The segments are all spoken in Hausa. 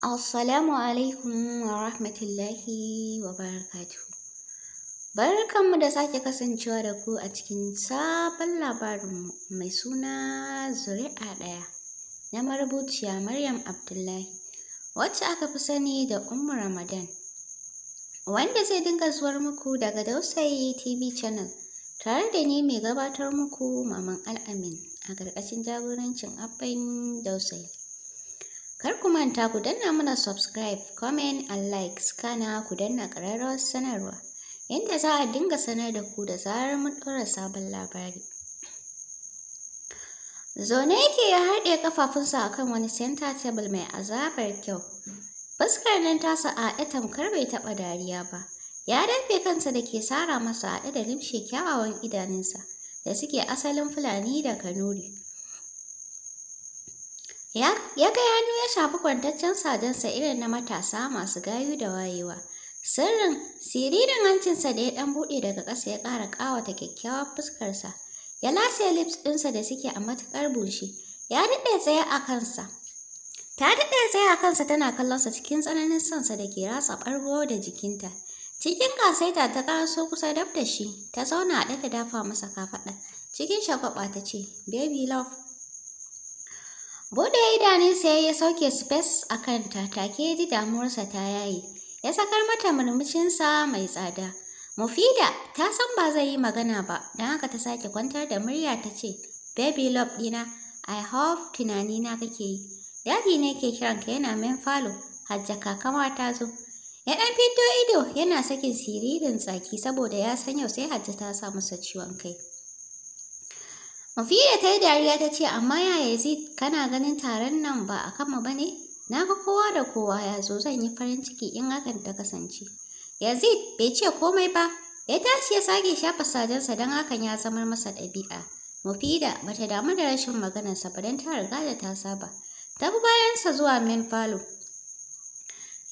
Assalamu alaikum wa rahmatullahi wa barakatuh. Barkanmu da sake kasancewa da ku a cikin sabon labarinmu mai suna Zuri'a ɗaya na marubuciya Maryam Abdullahi, wacce aka fi sani da Ummu Ramadan, wanda zai dinga zuwar muku daga Dausayi TV channel tare da ni mai gabatar muku Maman Al'amin a ƙarƙashin jagorancin abbain Dausayi. Kar ku manta ku danna mana subscribe, comment and like, kana ku danna ƙararrawar sanarwa, yadda za a dinga sanar da ku da zarar mun ɗora sabon labari. Zaune yake ya harɗe kafafunsa kan wani center table mai azabar kyau. Fuskar nan tasa a haɗe tamkar bai taɓa dariya ba. Ya dafe kansa da ke sara masa haɗe da limshe kyawawan idanunsa da suke asalin Fulani da Kanuri. Ya ga hannu ya shafi kwantaccen sajensa irin na matasa masu gayu da wayewa. Sirrin siririn hancinsa da ya ɗan buɗe daga ƙasa ya ƙara ƙawata kyakkyawar fuskarsa. Ya lase lips ɗinsa da suke a matuƙar bushe. Ya daɗe tsaye a kansa. Ta daɗe tsaye a kansa tana kallonsa cikin tsananin sansa da ke ratsa ɓargo da jikinta. Cikin kasaita ta so kusa dab da shi, ta zauna a ɗaga dafa masa kafaɗa. Cikin shagwaɓa ta ce, Baby love, Bude idanun sai ya sauke space a kanta take ji damuwarsa ta yayi. Ya sakar mata murmushinsa mai tsada. Mufida ta san ba zai yi magana ba, don haka ta sake kwantar da murya ta ce, Baby love dina. I hope tunanina kake yi. Dadi ne ke ka yana min falo, hajja kakama ta zo. Ya ɗan fito ido yana sakin siririn tsaki saboda ya san yau sai hajja ta sa masa ciwon kai. Mafiya ta yi dariya ta ce, amma yaya Yazid kana ganin taron nan ba a kama ba ne? Na ga kowa da kowa ya zo zan yi farin ciki in hakan ta kasance. Yazid bai ce komai ba, ya tashi ya sake shafa sajensa don hakan ya zamar masa ɗabi'a. Mufida ba ta damu da rashin maganarsa ba don ta riga da ta saba. Ta bi bayansa zuwa main falo.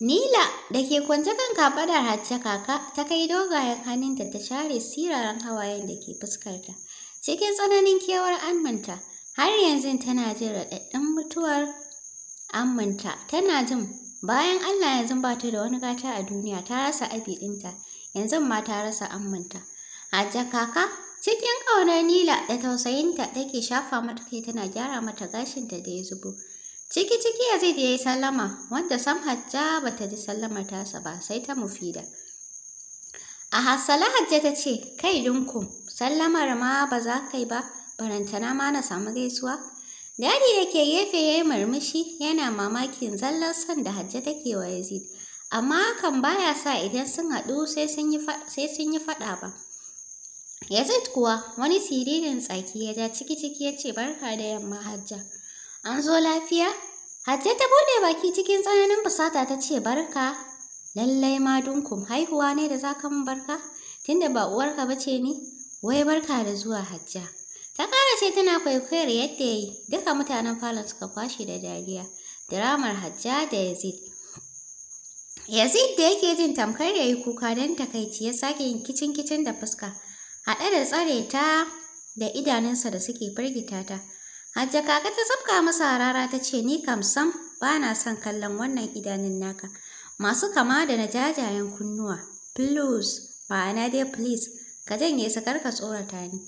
Nila da ke kwance kan kafaɗar hacce kaka ta kai dogayen hannunta ta share siraran hawayen da ke fuskarta. cikin tsananin kewar aminta, har yanzu tana jin raɗaɗɗen mutuwar aminta tana jin bayan Allah yanzu ba ta da wani gata a duniya ta rasa abi ɗinta yanzu ma ta rasa amanta Hajja kaka cikin ƙaunar Nila da tausayinta take shafa mata kai tana gyara mata gashinta da ya zubo. Ciki ciki ya zai da ya yi sallama wanda sam Hajja ba ta ji sallamar tasa ba sai ta mufida. A hassala Hajja ta ce kai dunkum sallamar ma ba za ka yi ba barantana ma na samu gaisuwa dadi da ke gefe ya yi murmushi yana mamakin zallar son da hajja take wa yazid amma hakan baya sa idan sun haɗu sai sun yi faɗa ba yazid kuwa wani siririn tsaki ya ja ciki ciki ya ce barka da yamma hajja an zo lafiya hajja ta buɗe baki cikin tsananin fusata ta ce barka lallai ma dunkum haihuwa ne da za ka mun barka tunda ba uwarka ba ce ni Wai barka da zuwa Hajja. Ta ƙara ce tana kwaikwayar yadda ya yi, duka mutanen falon suka kwashe da dariya. Diramar Hajja da Yazid. Yazid da yake jin tamkar ya yi kuka don takaici ya sake yin kicin-kicin da fuska, haɗe da tsare ta da idanunsa da suke firgita ta. Hajja kaka ta tsafka masa harara ta ce ni kam sam ba na son kallon wannan idanun naka. Masu kama da na jajayen kunnuwa. Please, ma'ana dai please, ka janye su kar ka tsorata ni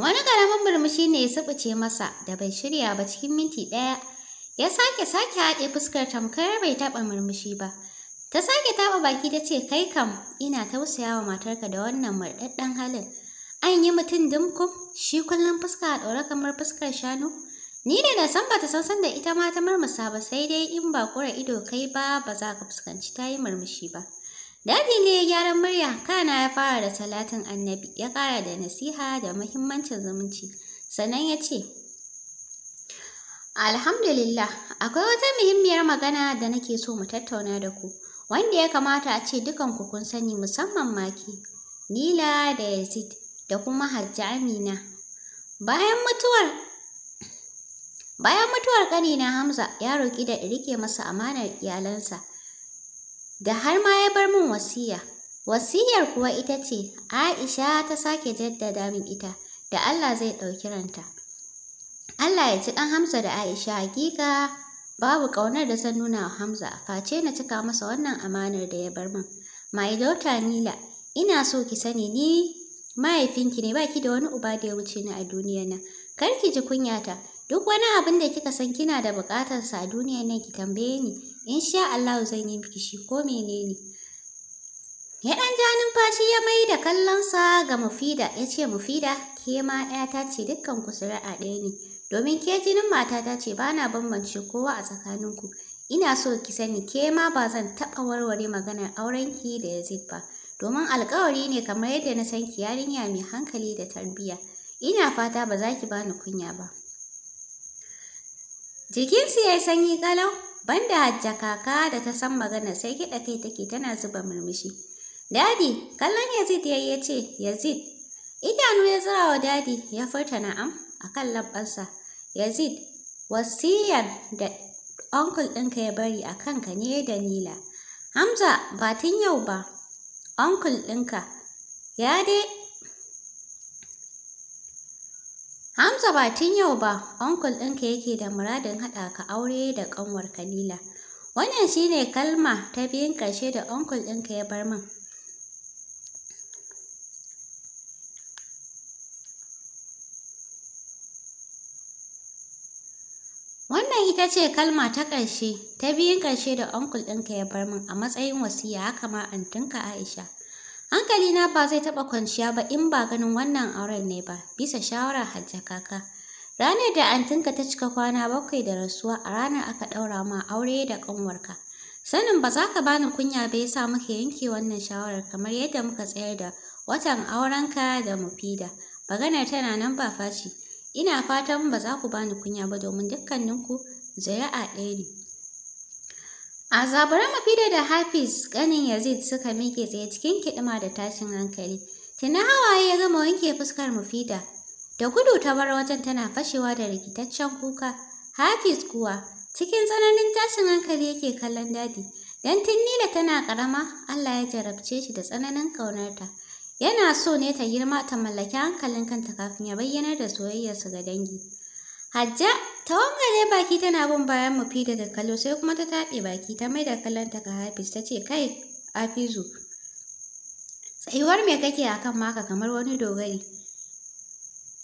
wani karamin murmushi ne ya subuce masa da bai shirya ba cikin minti ɗaya ya sake sake haɗe fuskar tamkar bai taɓa murmushi ba ta sake taɓa baki ta ce kai kam ina tausayawa matarka da wannan murɗaɗɗen halin an yi mutum dimkum shi kullum fuska a ɗaure kamar fuskar shanu ni da na san bata san san da ita ma ta murmusa ba sai dai in ba kura ido kai ba ba za ka fuskanci ta yi murmushi ba Dadi ne ya gyaran murya, kana ya fara da salatin annabi, ya ƙara da nasiha da muhimmancin zumunci. Sannan ya ce, Alhamdulillah, akwai wata muhimmiyar magana da nake so mu tattauna da ku, wanda ya kamata a ce dukanku kun sani musamman maki, Nila da Yazid da kuma Hajji Amina. Bayan mutuwar Bayan mutuwar ƙanina Hamza ya roƙi da rike masa amanar iyalansa. da har ma ya bar min wasiya. Wasiyar kuwa ita ce, Aisha ta sake jaddada min ita, da Allah zai ɗauki ranta. Allah ya ci ɗan Hamza da Aisha hakika babu ƙaunar da zan nuna wa Hamza, face na cika masa wannan amanar da ya bar min. My dauta Nila, ina so ki sani ni mahaifinki ne baki da wani uba da ya wuce ni a duniya nan. Kar ki ji kunyata, duk wani abin da kika san kina da buƙatarsa a duniya nan ki tambaye ni. In sha Allah zan yi miki shi ko menene ya dan ja numfashi ya mai da kallonsa ga mufida ya ce mufida ke ma ta ce dukkan ku a ɗaya ne domin ke jinin mata ta ce ba na bambance kowa a tsakaninku ina so ki sani ke ma ba zan taɓa warware maganar aurenki da yazid ba domin alkawari ne kamar yadda na san ki yarinya mai hankali da tarbiyya ina fata ba za ki bani kunya ba jikinsu ya yi sanyi kalau Banda hajja kaka da ta san magana sai kiɗa kai take tana zuba murmushi. Dadi, kallon Yazid ya ya ce, Yazid, idanu ya zura wa dadi ya furta na'am a kan labbansa. Yazid, wasiyar da onkul ɗinka ya bari a kanka ne da Nila. Hamza, ba tun yau ba, onkul ɗinka, ya dai haka ba tun yau ba, onkul ɗinka yake da muradin haɗa ka aure da ƙanwar Kalila. Wannan shi ne kalma ta biyun ƙarshe da onkul ɗinka ya bar min. Wannan ita ce kalma ta ƙarshe ta biyun ƙarshe da onkul ɗinka ya bar min a matsayin wasiya haka ma antinka Aisha. Hankalina ba zai taɓa kwanciya ba in ba ganin wannan auren ne ba, bisa shawarar Hajja kaka. Ranar da antinka ta cika kwana bakwai da rasuwa a ranar aka ɗaura ma aure da ƙanwarka. Sanin ba za ka bani kunya ba ya sa muka yanke wannan shawarar kamar yadda muka tsayar da watan aurenka da mufida. Maganar tana nan ba faci. Ina fatan ba za ku bani kunya ba domin dukkaninku zuri'a ɗaya ne. A zaburan mafida da Hafiz ganin Yazid suka miƙe tsaye cikin kiɗima da tashin hankali. Tuna hawaye ya gama wanke fuskar mafida. Da gudu ta bar wajen tana fashewa da rikitaccen kuka. Hafiz kuwa cikin tsananin tashin hankali yake kallon dadi. Dan da tana ƙarama Allah ya jarabce shi da tsananin ƙaunarta. Yana so ne ta girma ta mallaki hankalin kanta kafin ya bayyanar da soyayyarsa ga dangi. Hajja ta wangale baki tana bin bayan mu Mufida da kallo sai kuma ta taɓe baki ta mai da kallonta ga Hafiz ta ce kai Hafizu tsayuwar me kake a kan maka kamar wani dogari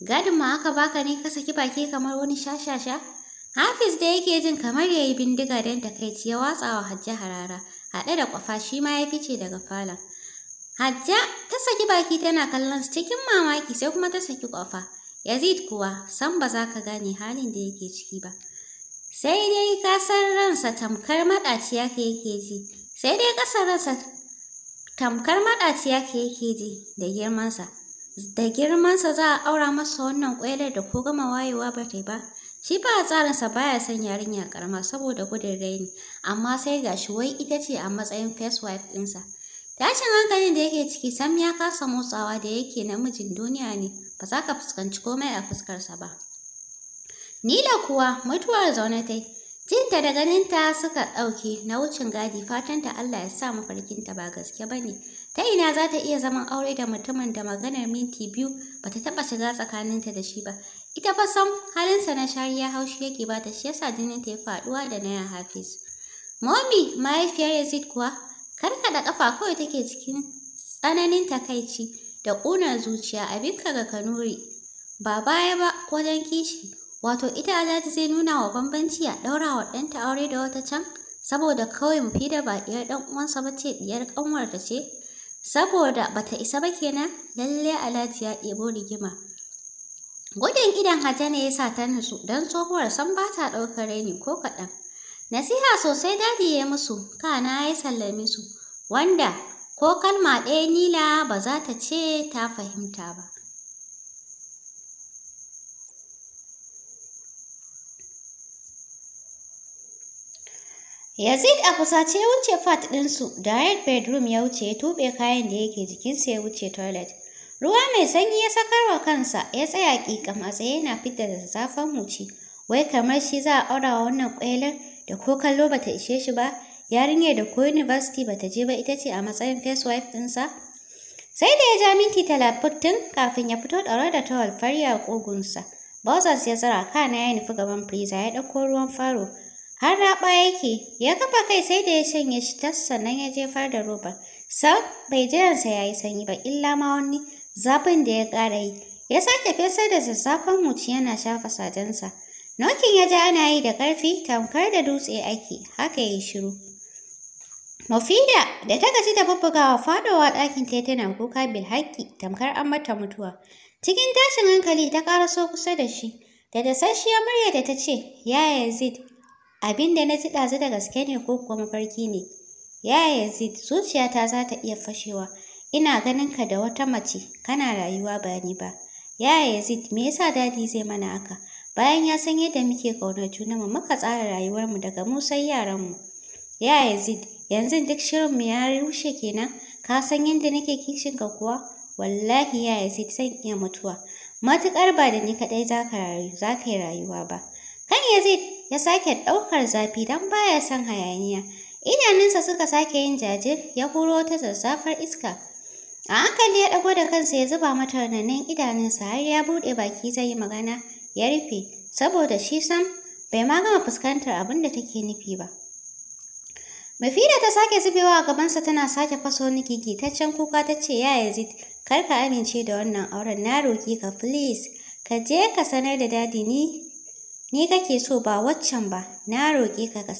gadin ma aka baka ne ka saki baki kamar wani shashasha Hafiz da yake jin kamar yayi bindiga don takaici ya watsawa Hajja harara haɗe da kwafa shi ma ya fice daga falon Hajja ta saki baki tana kallon cikin mamaki sai kuma ta saki kwafa Yazid kuwa san ba za ka gane halin da yake ciki ba. Sai dai kasar ransa tamkar maɗaciya ke yake ji, sai dai kasar ransa tamkar maɗaciya ke yake ji da girmansa. Da girmansa za a aura masa wannan ƙwailar da ko gama wayewa ba ta ba. Shi ba a tsarinsa ba baya son yarinya karama saboda gudun raini, amma sai ga shi wai ita ce a matsayin first wife ɗinsa. Tashin hankalin da yake ciki sam ya kasa motsawa da yake namijin duniya ne. ba za ka fuskanci komai a fuskarsa ba. Nila kuwa mutuwar zaune ta yi, jinta da ganinta suka ɗauki na wucin gadi fatan fatanta Allah ya sa mafarkinta ba gaske ba ne. Ta ina za ta iya zaman aure da mutumin da maganar minti biyu ba ta taɓa shiga tsakaninta da shi ba. Ita fa san halinsa na shariya haushi yake ba ta shi yasa jininta ya faɗuwa da na Hafiz. Momi mahaifiyar Yazid kuwa karkaɗa ƙafa kawai take cikin tsananin takaici. da ƙunar zuciya abinka ga kanuri ba baya ba wajen kishi wato ita alhaji zai nuna wa bambanci a ɗaura ɗanta aure da wata can saboda kawai mu da ba ɗiyar ɗan uwansa ba ce ƙanwar ta ce saboda bata isa ba kenan lallai alhaji ya ɗebo rigima gudun idan ne ya sa ta nutsu don tsohuwar san ba ta ɗaukar raini ko kaɗan nasiha sosai dadi ya musu kana ya sallame su wanda ko kalma ɗaya Nila ba za ta ce ta fahimta ba. Yazid a fusace ya wuce fat ɗinsu, da direct bedroom ya wuce ya tuɓe kayan da yake jikinsa ya wuce toilet. Ruwa mai sanyi ya sakarwa kansa ya tsaya ƙiƙam matsa yana fitar da zafin wuce Wai kamar shi za a aura wannan ƙwailar da ko kallo bata ishe shi ba, yarinyar da ko university bata je ba ita ce a matsayin first wife ɗinsa sai da ya ja minti talatin kafin ya fito ɗaure da tawal farya ƙugunsa Bozas ya tsara kana ya nufi gaban friza ya ɗauko ruwan faro har raɓa yake ya kafa kai sai da ya shanye shi tas sannan ya jefar da roba. sam bai jiransa ya yi sanyi ba illa ma wani zafin da ya ƙara yi ya sake fesar da zazzafan wuci yana shafa sajensa. Nokin ya ji ana yi da ƙarfi tamkar da dutse ake, haka ya yi shiru. mafida da ta gaji da bubbugawa fadowa ɗakin ta tana kuka bil haƙƙi tamkar an mata mutuwa. Cikin tashin hankali ta ƙaraso kusa da shi, da dasasshiyar murya da ta ce, "Ya Yazid, abin da na ji ɗazu da gaske ne ko kuma mafarki ne?" "Ya Yazid, zuciyata za ta iya fashewa, ina ganin ka da wata mace, kana rayuwa ba ni ba." "Ya Yazid, me yasa dadi zai mana haka?" bayan ya san yadda muke ƙaunar junanmu muka tsara rayuwarmu daga mu sai yaranmu. Ya Yazid, yanzu duk shirinmu ya rushe kenan ka san yadda nake kishinka kuwa wallahi yaya sai san iya mutuwa matuƙar ba da ni kaɗai za ka yi rayuwa ba kan yazid ya sake ɗaukar zafi don baya son hayaniya idanunsa suka sake yin jajir ya huro ta zazzafar iska a hankali ya ɗago da kansa ya zuba mata rananin idanunsa har ya buɗe baki zai yi magana ya rufe saboda shi sam bai ma gama fuskantar abin take nufi ba Mafida ta sake zubewa a gabansa tana sake faso wani gigitaccen kuka ta ce ya Yazid, kar ka amince da wannan auren na roki ka please, ka je ka sanar da dadi ni, ni kake so ba waccan ba, na roƙe ka ka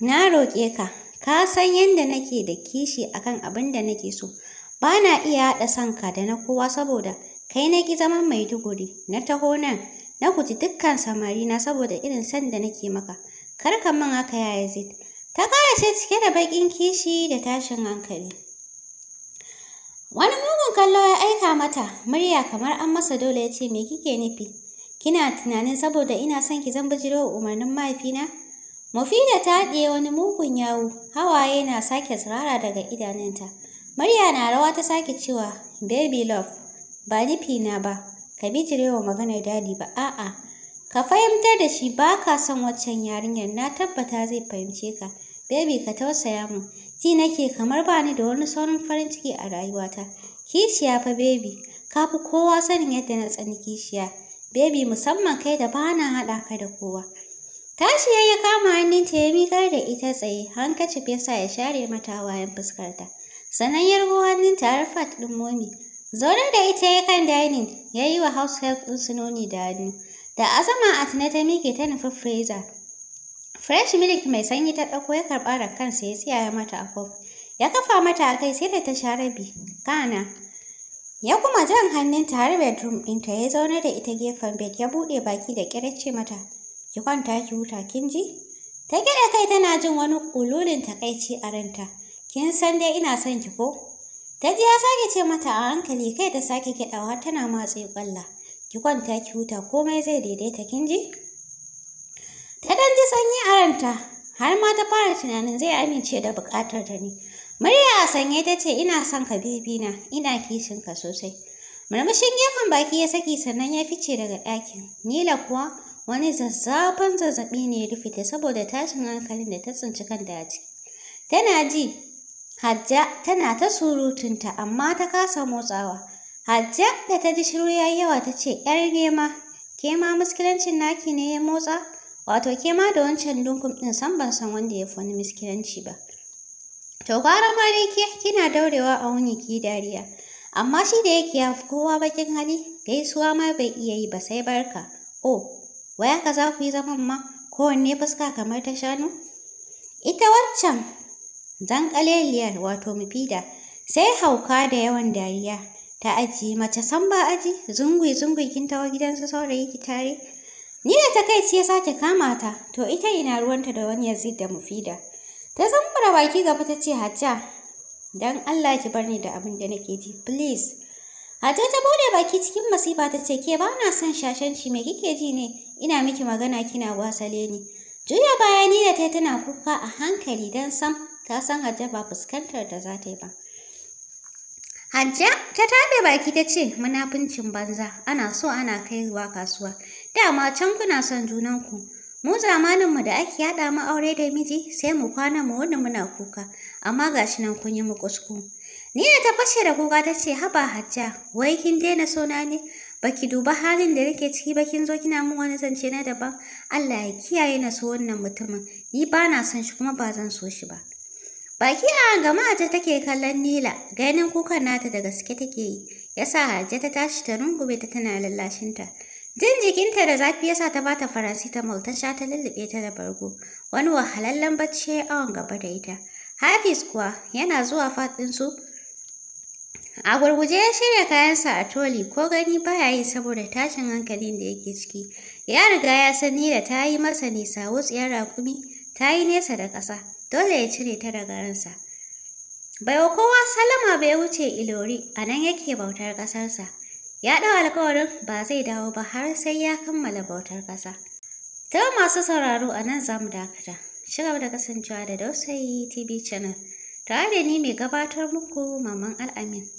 na roke ka, ka san yadda nake da kishi akan abin da nake so, ba na iya haɗa sanka da na kowa saboda kai na ki zaman Maiduguri, na taho nan, na guji dukkan samari na saboda irin san da nake maka, kar ka min haka ya Yazid. Ta ƙarashe cike da baƙin kishi da tashin hankali. Wani mugun kallo ya aika mata, murya kamar an masa dole ya ce, Me kike nufi? Kina tunanin saboda ina son ki zan bijiro umarnin mahaifina? Mufida ta haɗiye wani mugun yawu, hawaye na sake tsirara daga idanunta. Murya na rawa ta sake cewa, Baby love, ba nufi na ba, ka bijirewa maganar dadi ba, a'a. Ka fahimtar da shi ba ka son waccan yarinyar, na tabbata zai fahimce ka. Baby ka tausaya mu. Ji nake kamar ba ni da wani saurin farin ciki a rayuwata. Kishiya fa baby, ka fi kowa sanin yadda na tsani kishiya. Baby musamman kai da ba na haɗa ka da kowa. Tashi ya kama ta ya miƙar da ita tsaye, hankacif ya ya share mata wayan fuskarta. Sannan ya rubo har fat ɗin momi. Zaune da ita ya kan dining, ya yi wa house help ɗin su noni da hannu. Da azama a tana ta miƙe ta nufi freezer. Fresh milk mai sanyi ta ɗauko ya karɓa da kansa ya tsiyaya mata a kofi. Ya kafa mata a kai sai da ta sha rabi. Kana. Ya kuma jan hannun ta har bedroom ta ya zaune da ita gefen bed ya buɗe baki da ƙyarce mata. Ki kwanta ki huta kin ji? Ta gyaɗa kai tana jin wani ƙululin takaici a ranta. Kin san dai ina son ki ko? Ta ji ya sake ce mata a hankali kai ta sake kiɗawa tana matse ƙwalla. Ki kwanta ki huta komai zai daidaita kin ji? Ta ɗan ji sanyi a ranta, har ma ta fara tunanin zai amince da buƙatar ta ne. Murya a sanye ta ce ina son ka bebi na, ina kishin ka sosai. Murmushin gefen baki ya saki sannan ya fice daga ɗakin. Nila kuwa wani zazzafan zazzaɓi ne ya rufe ta saboda tashin hankalin da ta tsinci kan daji. ciki. Tana ji, Hajja tana ta surutunta amma ta kasa motsawa. Hajja da ta ji shiru yayi yawa ta ce ‘yar nema, ke ma muskilancin naki ne ya motsa?’ Wato ke ma da wancan dunkum ɗin san ban san wanda ya fi wani miskilanci ba. To gwara ma dai ke kina daurewa a wuni ki dariya. Amma shi da yake ya fi kowa bakin hali gaisuwa ma bai iya yi ba sai barka. o waya ka za ku yi zaman ma kowanne fuska kamar ta shanu? Ita waccan zanƙaleliyar wato mufida sai hauka da yawan dariya ta ajiye mace san ba aji zungui zungui kin tawo gidansu saurayi ki tare Ni da takaici ya sake kama ta, to ita ina ruwanta da wani Yazid da Mufida. Ta zambara baki gaba ta ce Hajja, dan Allah ki bar ni da abin da nake ji, please. Hajja ta bude baki cikin masifa ta ce ke ba na son shashanci me kike ji ne, ina miki magana kina wasale ni. Juya baya ni da tai tana kuka a hankali dan sam ta san Hajja ba fuskantar da za ta yi ba. Hajja ta tabe baki ta ce munafincin banza ana so ana kai kaiwa kasuwa. Dama can kuna son junan ku? Mu zamaninmu da ake yaɗa mu aure da miji sai mu kwana mu wani muna kuka, amma ga shi nan kun yi mu kusku. Ni da ta fashe da kuka ta ce haba hajja, wai kin daina sona ne? Baki duba halin da nake ciki ba kin zo kina min wani zance na daban. Allah ya kiyaye na so wannan mutumin. Ni ba na son shi kuma ba zan so shi ba. Baki a gama ta take kallon Nila, ganin kukan nata da gaske take yi. Yasa Hajja ta tashi ta rungume ta tana lallashinta. Jin jikinta da zafi ya sa ta bata faransi ta sha ta lullube ta da bargo. Wani wahalallen bacci ya awon gaba da ita. Hafiz kuwa yana zuwa fat su. A gurguje ya shirya kayansa a toli ko gani baya yi saboda tashin hankalin da yake ciki. Ya riga ya sani da ta yi masa nisa wutsiyar rakumi ta yi nesa da ƙasa. Dole ya cire ta daga ransa. Bai wa kowa salama bai wuce ilori a nan yake bautar ƙasarsa. ya ɗau alkawarin ba zai dawo ba har sai ya kammala bautar ƙasa. Ta masu sauraro a nan za mu dakata. Shiga gaba da kasancewa da Dausayi TV channel. Tare da ni mai gabatar muku Maman Al'amin.